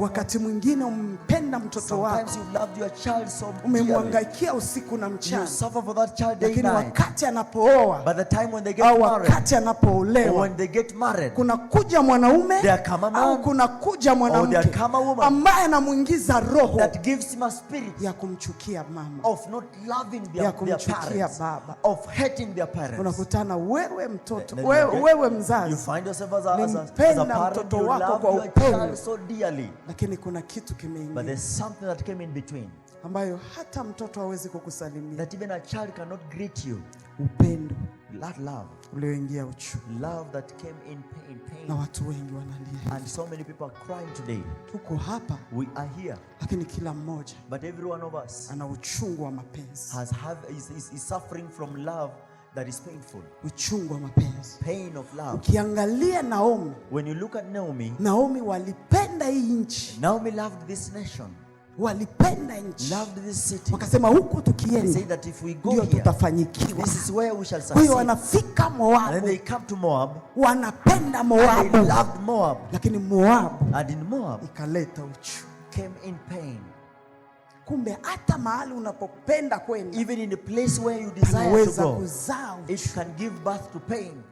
Wakati mwingine umpenda mtoto wako, umemwangaikia usiku na mchana, lakini wakati anapooa au wakati anapoolewa, kuja mwanaume au kuna kuja mwanamke ambaye anamwingiza roho ya kumchukia mama, ya kumchukia baba. Unakutana wewe mtoto, wewe mzazi, nimpenda mtoto wako kwa upendo lakini kuna kitu kimeingia. But there's something that came in between ambayo hata mtoto hawezi kukusalimia. That even a child cannot greet you. Upendo, that love ulioingia uchu, love that came in pain, pain. Na watu wengi wanalia, and so many people are crying today. Tuko hapa, we are here, lakini kila mmoja, but every one of us ana uchungu wa mapenzi, has have is, is, is suffering from love that is painful. Uchungu wa mapenzi. Pain of love. Ukiangalia Naomi. When you look at Naomi. Naomi walipenda hii nchi. Naomi loved this nation. Walipenda nchi. Loved this city. Wakasema huku tukienda ndio tutafanyikiwa. This is where we shall succeed. Huyo wanafika Moab. And they come to Moab. Wanapenda Moab. They loved Moab. Lakini Moab. And in Moab. Ikaleta uchu Came in pain. Kumbe hata mahali unapopenda kwenda, even in the place where you desire to go, kuzaa it can give birth to pain.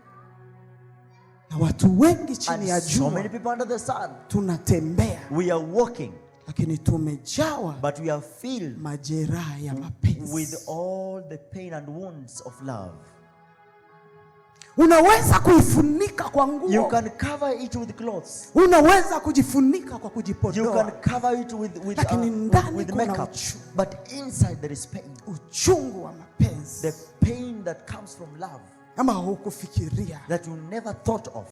Na watu wengi chini ya jua, so many people under the sun, tunatembea, we are walking, lakini tumejawa, but we are filled, majeraha ya mapenzi, with all the pain and wounds of love Unaweza kuifunika kwa nguo. You can cover it with clothes. Unaweza kujifunika kwa kujipodoa. You can cover it with with lakini uh, ndani with makeup. But inside there is pain. Uchungu wa mapenzi. The pain that comes from love. Ama hukufikiria. That you never thought of.